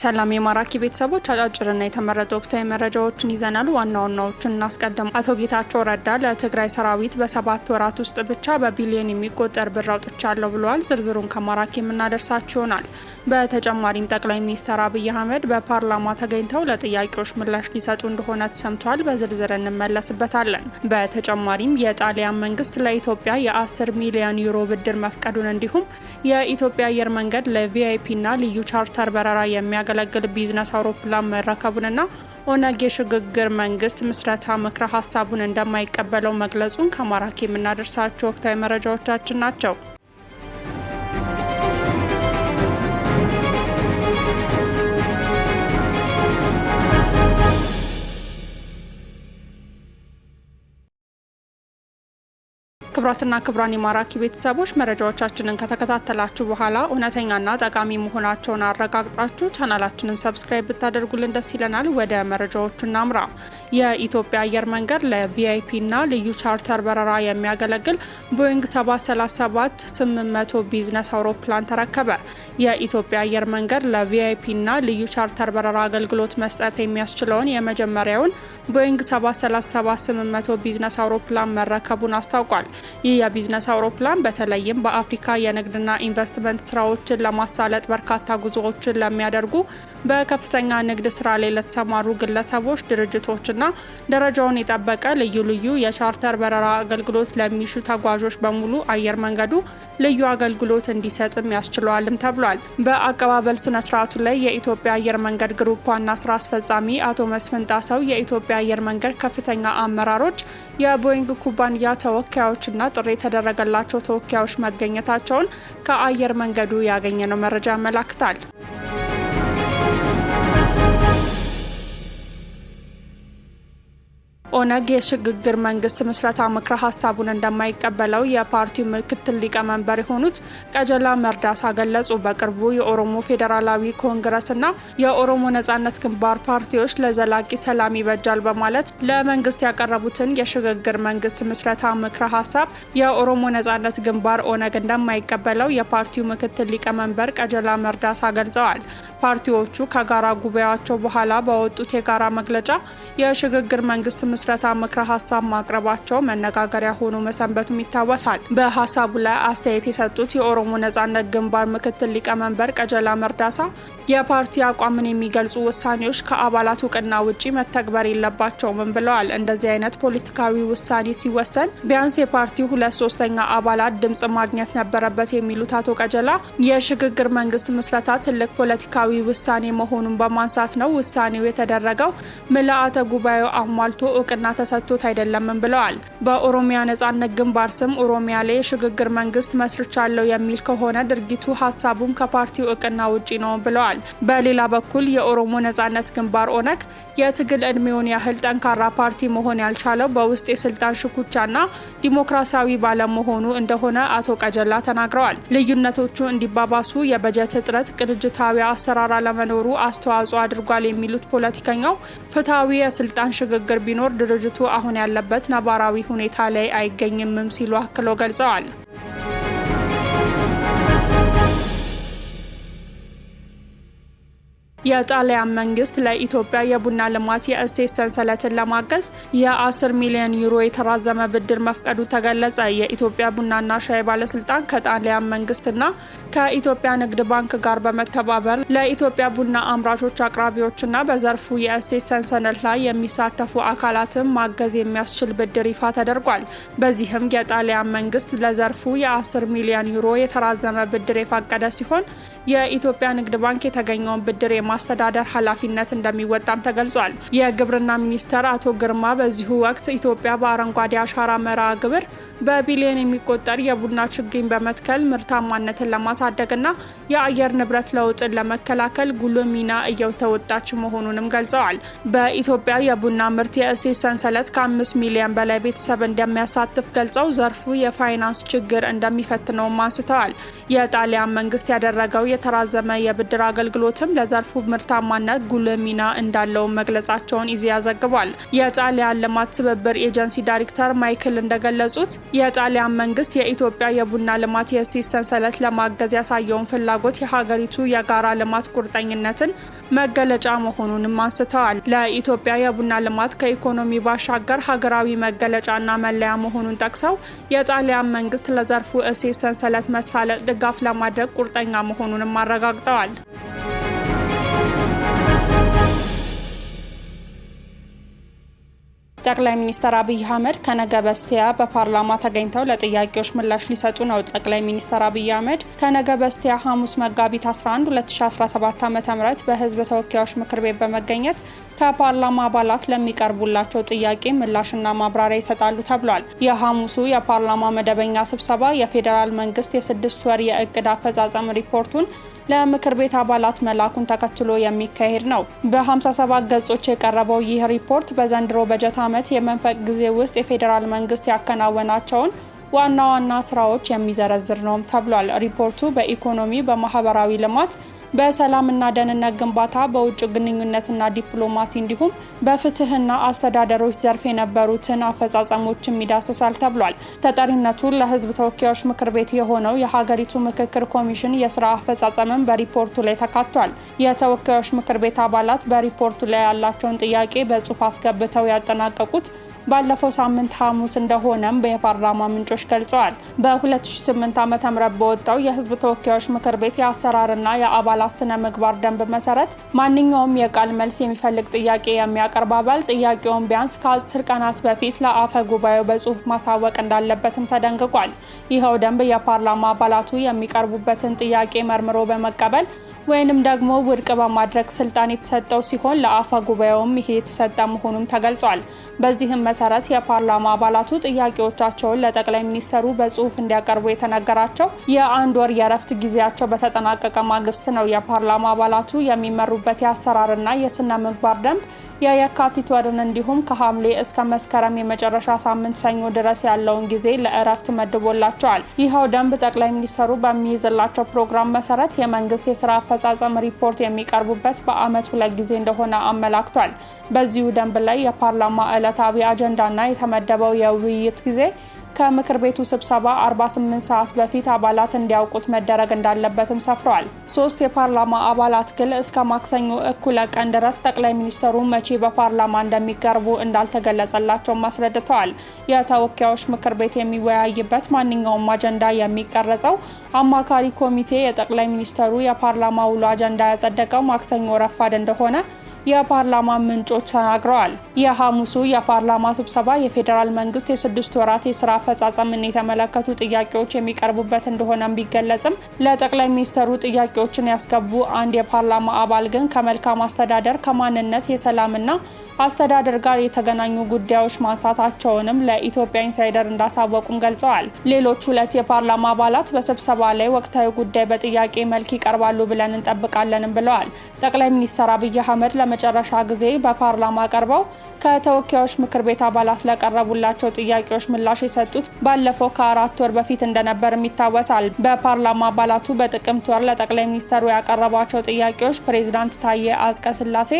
ሰላም የማራኪ ቤተሰቦች፣ አጫጭርና የተመረጡ ወቅታዊ መረጃዎችን ይዘናል። ዋና ዋናዎቹን እናስቀድም። አቶ ጌታቸው ረዳ ለትግራይ ሰራዊት በሰባት ወራት ውስጥ ብቻ በቢሊዮን የሚቆጠር ብር አውጥቻለሁ ብለዋል። ዝርዝሩን ከማራኪ የምናደርሳችሁ ይሆናል። በተጨማሪም ጠቅላይ ሚኒስትር አብይ አህመድ በፓርላማ ተገኝተው ለጥያቄዎች ምላሽ ሊሰጡ እንደሆነ ተሰምቷል። በዝርዝር እንመለስበታለን። በተጨማሪም የጣሊያን መንግስት ለኢትዮጵያ የ10 ሚሊዮን ዩሮ ብድር መፍቀዱን እንዲሁም የኢትዮጵያ አየር መንገድ ለቪአይፒና ልዩ ቻርተር በረራ የሚያ የሚያገለግል ቢዝነስ አውሮፕላን መረከቡንና ኦነግ የሽግግር መንግስት ምስረታ ምክረ ሀሳቡን እንደማይቀበለው መግለጹን ከማራኪ የምናደርሳቸው ወቅታዊ መረጃዎቻችን ናቸው። ክቡራትና ክቡራን የማራኪ ቤተሰቦች መረጃዎቻችንን ከተከታተላችሁ በኋላ እውነተኛና ጠቃሚ መሆናቸውን አረጋግጣችሁ ቻናላችንን ሰብስክራይብ ብታደርጉልን ደስ ይለናል። ወደ መረጃዎቹ እናምራ። የኢትዮጵያ አየር መንገድ ለቪአይፒና ልዩ ቻርተር በረራ የሚያገለግል ቦይንግ 737 800 ቢዝነስ አውሮፕላን ተረከበ። የኢትዮጵያ አየር መንገድ ለቪአይፒና ልዩ ቻርተር በረራ አገልግሎት መስጠት የሚያስችለውን የመጀመሪያውን ቦይንግ 737 800 ቢዝነስ አውሮፕላን መረከቡን አስታውቋል። ይህ የቢዝነስ አውሮፕላን በተለይም በአፍሪካ የንግድና ኢንቨስትመንት ስራዎችን ለማሳለጥ በርካታ ጉዞዎችን ለሚያደርጉ በከፍተኛ ንግድ ስራ ላይ ለተሰማሩ ግለሰቦች፣ ድርጅቶችና ደረጃውን የጠበቀ ልዩ ልዩ የቻርተር በረራ አገልግሎት ለሚሹ ተጓዦች በሙሉ አየር መንገዱ ልዩ አገልግሎት እንዲሰጥም ያስችለዋልም ተብሏል። በአቀባበል ስነ ስርዓቱ ላይ የኢትዮጵያ አየር መንገድ ግሩፕ ዋና ስራ አስፈጻሚ አቶ መስፍን ጣሰው፣ የኢትዮጵያ አየር መንገድ ከፍተኛ አመራሮች፣ የቦይንግ ኩባንያ ተወካዮችና ጥሪ የተደረገላቸው ተወካዮች መገኘታቸውን ከአየር መንገዱ ያገኘነው መረጃ ያመላክታል። ኦነግ የሽግግር መንግስት ምስረታ ምክረ ሀሳቡን እንደማይቀበለው የፓርቲው ምክትል ሊቀመንበር የሆኑት ቀጀላ መርዳሳ ገለጹ። በቅርቡ የኦሮሞ ፌዴራላዊ ኮንግረስና የኦሮሞ ነጻነት ግንባር ፓርቲዎች ለዘላቂ ሰላም ይበጃል በማለት ለመንግስት ያቀረቡትን የሽግግር መንግስት ምስረታ ምክረ ሀሳብ የኦሮሞ ነጻነት ግንባር ኦነግ እንደማይቀበለው የፓርቲው ምክትል ሊቀመንበር ቀጀላ መርዳሳ ገልጸዋል። ፓርቲዎቹ ከጋራ ጉባኤያቸው በኋላ በወጡት የጋራ መግለጫ የሽግግር መንግስት ምስረታ ምክረ ሀሳብ ማቅረባቸው መነጋገሪያ ሆኖ መሰንበቱም ይታወሳል። በሀሳቡ ላይ አስተያየት የሰጡት የኦሮሞ ነጻነት ግንባር ምክትል ሊቀመንበር ቀጀላ መርዳሳ የፓርቲ አቋምን የሚገልጹ ውሳኔዎች ከአባላት እውቅና ውጪ መተግበር የለባቸውም ብለዋል። እንደዚህ አይነት ፖለቲካዊ ውሳኔ ሲወሰን ቢያንስ የፓርቲ ሁለት ሶስተኛ አባላት ድምጽ ማግኘት ነበረበት የሚሉት አቶ ቀጀላ የሽግግር መንግስት ምስረታ ትልቅ ፖለቲካዊ ውሳኔ መሆኑን በማንሳት ነው ውሳኔው የተደረገው ምልአተ ጉባኤው አሟልቶ እውቅና ተሰጥቶት አይደለምም ብለዋል። በኦሮሚያ ነጻነት ግንባር ስም ኦሮሚያ ላይ የሽግግር መንግስት መስርቻለሁ የሚል ከሆነ ድርጊቱ ሀሳቡም ከፓርቲው እውቅና ውጪ ነው ብለዋል። በሌላ በኩል የኦሮሞ ነጻነት ግንባር ኦነግ የትግል እድሜውን ያህል ጠንካራ ፓርቲ መሆን ያልቻለው በውስጥ የስልጣን ሽኩቻና ዲሞክራሲያዊ ባለመሆኑ እንደሆነ አቶ ቀጀላ ተናግረዋል። ልዩነቶቹ እንዲባባሱ የበጀት እጥረት፣ ቅንጅታዊ አሰራር አለመኖሩ አስተዋጽኦ አድርጓል የሚሉት ፖለቲከኛው ፍትሐዊ የስልጣን ሽግግር ቢኖር ድርጅቱ አሁን ያለበት ነባራዊ ሁኔታ ላይ አይገኝምም ሲሉ አክለው ገልጸዋል። የጣሊያን መንግስት ለኢትዮጵያ የቡና ልማት የእሴት ሰንሰለትን ለማገዝ የ10 ሚሊዮን ዩሮ የተራዘመ ብድር መፍቀዱ ተገለጸ። የኢትዮጵያ ቡናና ሻይ ባለስልጣን ከጣሊያን መንግስትና ከኢትዮጵያ ንግድ ባንክ ጋር በመተባበር ለኢትዮጵያ ቡና አምራቾች፣ አቅራቢዎችና በዘርፉ የእሴት ሰንሰለት ላይ የሚሳተፉ አካላትን ማገዝ የሚያስችል ብድር ይፋ ተደርጓል። በዚህም የጣሊያን መንግስት ለዘርፉ የ10 ሚሊዮን ዩሮ የተራዘመ ብድር የፈቀደ ሲሆን የኢትዮጵያ ንግድ ባንክ የተገኘውን ብድር የማስተዳደር ኃላፊነት እንደሚወጣም ተገልጿል። የግብርና ሚኒስተር አቶ ግርማ በዚሁ ወቅት ኢትዮጵያ በአረንጓዴ አሻራ መርሃ ግብር በቢሊዮን የሚቆጠር የቡና ችግኝ በመትከል ምርታማነትን ለማሳደግና የአየር ንብረት ለውጥን ለመከላከል ጉልህ ሚና እየተወጣች መሆኑንም ገልጸዋል። በኢትዮጵያ የቡና ምርት የእሴት ሰንሰለት ከአምስት ሚሊዮን በላይ ቤተሰብ እንደሚያሳትፍ ገልጸው ዘርፉ የፋይናንስ ችግር እንደሚፈትነውም አንስተዋል። የጣሊያን መንግስት ያደረገው የተራዘመ የብድር አገልግሎትም ለዘርፉ ምርታማነት ጉልህ ሚና እንዳለውን መግለጻቸውን ኢዜአ ዘግቧል። የጣሊያን ልማት ትብብር ኤጀንሲ ዳይሬክተር ማይክል እንደገለጹት የጣሊያን መንግስት የኢትዮጵያ የቡና ልማት የእሴት ሰንሰለት ለማገዝ ያሳየውን ፍላጎት የሀገሪቱ የጋራ ልማት ቁርጠኝነትን መገለጫ መሆኑንም አንስተዋል። ለኢትዮጵያ የቡና ልማት ከኢኮኖሚ ባሻገር ሀገራዊ መገለጫና መለያ መሆኑን ጠቅሰው የጣሊያን መንግስት ለዘርፉ እሴት ሰንሰለት መሳለጥ ድጋፍ ለማድረግ ቁርጠኛ መሆኑን መሆኑንም አረጋግጠዋል። ጠቅላይ ሚኒስትር አብይ አህመድ ከነገ በስቲያ በፓርላማ ተገኝተው ለጥያቄዎች ምላሽ ሊሰጡ ነው። ጠቅላይ ሚኒስትር አብይ አህመድ ከነገ በስቲያ ሐሙስ መጋቢት 11 2017 ዓ ም በህዝብ ተወካዮች ምክር ቤት በመገኘት ከፓርላማ አባላት ለሚቀርቡላቸው ጥያቄ ምላሽና ማብራሪያ ይሰጣሉ ተብሏል። የሐሙሱ የፓርላማ መደበኛ ስብሰባ የፌዴራል መንግስት የስድስት ወር የእቅድ አፈጻጸም ሪፖርቱን ለምክር ቤት አባላት መላኩን ተከትሎ የሚካሄድ ነው። በ57 ገጾች የቀረበው ይህ ሪፖርት በዘንድሮ በጀት ዓመት የመንፈቅ ጊዜ ውስጥ የፌዴራል መንግስት ያከናወናቸውን ዋና ዋና ስራዎች የሚዘረዝር ነውም ተብሏል። ሪፖርቱ በኢኮኖሚ፣ በማህበራዊ ልማት በሰላምና ደህንነት ግንባታ፣ በውጭ ግንኙነትና ዲፕሎማሲ እንዲሁም በፍትህና አስተዳደሮች ዘርፍ የነበሩትን አፈጻጸሞችም ይዳስሳል ተብሏል። ተጠሪነቱ ለህዝብ ተወካዮች ምክር ቤት የሆነው የሀገሪቱ ምክክር ኮሚሽን የስራ አፈጻጸምን በሪፖርቱ ላይ ተካቷል። የተወካዮች ምክር ቤት አባላት በሪፖርቱ ላይ ያላቸውን ጥያቄ በጽሁፍ አስገብተው ያጠናቀቁት ባለፈው ሳምንት ሐሙስ እንደሆነም የፓርላማ ምንጮች ገልጸዋል። በ2008 ዓ ም በወጣው የህዝብ ተወካዮች ምክር ቤት የአሰራርና የአባል አባላት ስነ ምግባር ደንብ መሰረት ማንኛውም የቃል መልስ የሚፈልግ ጥያቄ የሚያቀርብ አባል ጥያቄውን ቢያንስ ከአስር ቀናት በፊት ለአፈ ጉባኤው በጽሁፍ ማሳወቅ እንዳለበትም ተደንግጓል። ይኸው ደንብ የፓርላማ አባላቱ የሚቀርቡበትን ጥያቄ መርምሮ በመቀበል ወይንም ደግሞ ውድቅ በማድረግ ስልጣን የተሰጠው ሲሆን ለአፈ ጉባኤውም ይሄ የተሰጠ መሆኑም ተገልጿል። በዚህም መሰረት የፓርላማ አባላቱ ጥያቄዎቻቸውን ለጠቅላይ ሚኒስተሩ በጽሁፍ እንዲያቀርቡ የተነገራቸው የአንድ ወር የእረፍት ጊዜያቸው በተጠናቀቀ ማግስት ነው። የፓርላማ አባላቱ የሚመሩበት የአሰራርና የስነ ምግባር ደንብ የየካቲት ወርን እንዲሁም ከሐምሌ እስከ መስከረም የመጨረሻ ሳምንት ሰኞ ድረስ ያለውን ጊዜ ለእረፍት መድቦላቸዋል። ይኸው ደንብ ጠቅላይ ሚኒስተሩ በሚይዝላቸው ፕሮግራም መሰረት የመንግስት የስራ አፈጻጸም ሪፖርት የሚቀርቡበት በአመት ሁለት ጊዜ እንደሆነ አመላክቷል። በዚሁ ደንብ ላይ የፓርላማ ዕለታዊ አጀንዳና የተመደበው የውይይት ጊዜ ከምክር ቤቱ ስብሰባ 48 ሰዓት በፊት አባላት እንዲያውቁት መደረግ እንዳለበትም ሰፍረዋል። ሶስት የፓርላማ አባላት ግን እስከ ማክሰኞ እኩለ ቀን ድረስ ጠቅላይ ሚኒስትሩ መቼ በፓርላማ እንደሚቀርቡ እንዳልተገለጸላቸውም አስረድተዋል። የተወካዮች ምክር ቤት የሚወያይበት ማንኛውም አጀንዳ የሚቀረጸው አማካሪ ኮሚቴ የጠቅላይ ሚኒስትሩ የፓርላማ ውሎ አጀንዳ ያጸደቀው ማክሰኞ ረፋድ እንደሆነ የፓርላማ ምንጮች ተናግረዋል። የሐሙሱ የፓርላማ ስብሰባ የፌዴራል መንግስት የስድስት ወራት የስራ አፈጻጸምን የተመለከቱ ጥያቄዎች የሚቀርቡበት እንደሆነም ቢገለጽም ለጠቅላይ ሚኒስትሩ ጥያቄዎችን ያስገቡ አንድ የፓርላማ አባል ግን ከመልካም አስተዳደር፣ ከማንነት፣ የሰላምና አስተዳደር ጋር የተገናኙ ጉዳዮች ማንሳታቸውንም ለኢትዮጵያ ኢንሳይደር እንዳሳወቁም ገልጸዋል። ሌሎች ሁለት የፓርላማ አባላት በስብሰባ ላይ ወቅታዊ ጉዳይ በጥያቄ መልክ ይቀርባሉ ብለን እንጠብቃለንም ብለዋል። ጠቅላይ ሚኒስትር አብይ አህመድ ለመ ለመጨረሻ ጊዜ በፓርላማ ቀርበው ከተወካዮች ምክር ቤት አባላት ለቀረቡላቸው ጥያቄዎች ምላሽ የሰጡት ባለፈው ከአራት ወር በፊት እንደነበርም ይታወሳል። በፓርላማ አባላቱ በጥቅምት ወር ለጠቅላይ ሚኒስተሩ ያቀረቧቸው ጥያቄዎች ፕሬዚዳንት ታዬ አጽቀ ሥላሴ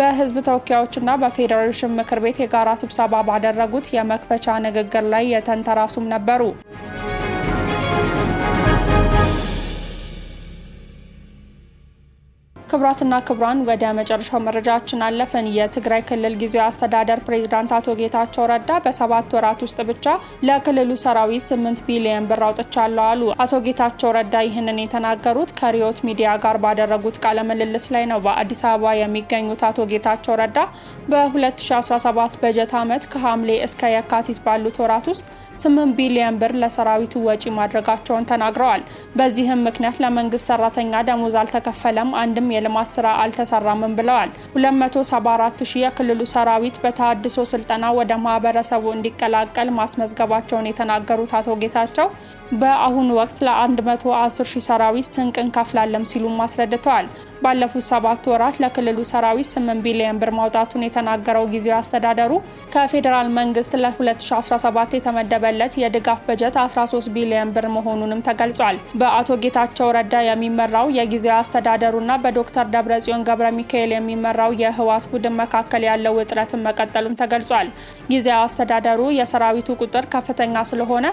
በህዝብ ተወካዮችና በፌዴሬሽን ምክር ቤት የጋራ ስብሰባ ባደረጉት የመክፈቻ ንግግር ላይ የተንተራሱም ነበሩ። ክብራትና ክብራን ወደ መጨረሻው መረጃችን አለፍን። የትግራይ ክልል ጊዜያዊ አስተዳደር ፕሬዚዳንት አቶ ጌታቸው ረዳ በሰባት ወራት ውስጥ ብቻ ለክልሉ ሰራዊት ስምንት ቢሊዮን ብር አውጥቻለሁ አሉ። አቶ ጌታቸው ረዳ ይህንን የተናገሩት ከሪዮት ሚዲያ ጋር ባደረጉት ቃለ ምልልስ ላይ ነው። በአዲስ አበባ የሚገኙት አቶ ጌታቸው ረዳ በ2017 በጀት ዓመት ከሐምሌ እስከ የካቲት ባሉት ወራት ውስጥ ስምንት ቢሊዮን ብር ለሰራዊቱ ወጪ ማድረጋቸውን ተናግረዋል። በዚህም ምክንያት ለመንግስት ሰራተኛ ደሞዝ አልተከፈለም አንድም የልማት ስራ አልተሰራምም ብለዋል። 274 ሺህ የክልሉ ሰራዊት በተሃድሶ ስልጠና ወደ ማህበረሰቡ እንዲቀላቀል ማስመዝገባቸውን የተናገሩት አቶ ጌታቸው በአሁኑ ወቅት ለ110 ሺህ ሰራዊት ስንቅ እንከፍላለን ሲሉም አስረድተዋል። ባለፉት ሰባት ወራት ለክልሉ ሰራዊት 8 ቢሊዮን ብር ማውጣቱን የተናገረው ጊዜያዊ አስተዳደሩ ከፌዴራል መንግስት ለ2017 የተመደበለት የድጋፍ በጀት 13 ቢሊዮን ብር መሆኑንም ተገልጿል። በአቶ ጌታቸው ረዳ የሚመራው የጊዜያዊ አስተዳደሩና በዶክተር ደብረጽዮን ገብረ ሚካኤል የሚመራው የህወሓት ቡድን መካከል ያለው ውጥረትን መቀጠሉም ተገልጿል። ጊዜያዊ አስተዳደሩ የሰራዊቱ ቁጥር ከፍተኛ ስለሆነ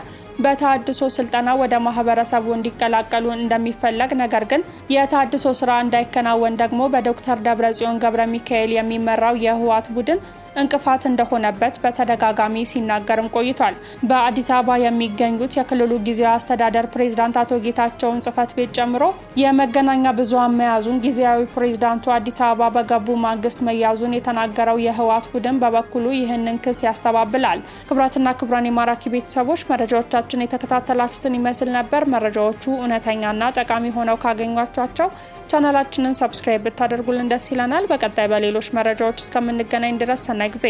በተሃድሶ ስልጠና ወደ ማህበረሰቡ እንዲቀላቀሉ እንደሚፈለግ፣ ነገር ግን የታድሶ ስራ እንዳይከናወን ደግሞ በዶክተር ደብረጽዮን ገብረ ሚካኤል የሚመራው የህወሓት ቡድን እንቅፋት እንደሆነበት በተደጋጋሚ ሲናገርም ቆይቷል። በአዲስ አበባ የሚገኙት የክልሉ ጊዜያዊ አስተዳደር ፕሬዝዳንት አቶ ጌታቸውን ጽህፈት ቤት ጨምሮ የመገናኛ ብዙሃን መያዙን ጊዜያዊ ፕሬዝዳንቱ አዲስ አበባ በገቡ ማግስት መያዙን የተናገረው የህወሓት ቡድን በበኩሉ ይህንን ክስ ያስተባብላል። ክቡራትና ክቡራን የማራኪ ቤተሰቦች መረጃዎቻችን የተከታተላችሁትን ይመስል ነበር። መረጃዎቹ እውነተኛና ጠቃሚ ሆነው ካገኟቸው ቻናላችንን ሰብስክራይብ ብታደርጉልን ደስ ይለናል። በቀጣይ በሌሎች መረጃዎች እስከምንገናኝ ድረስ ሰናይ ጊዜ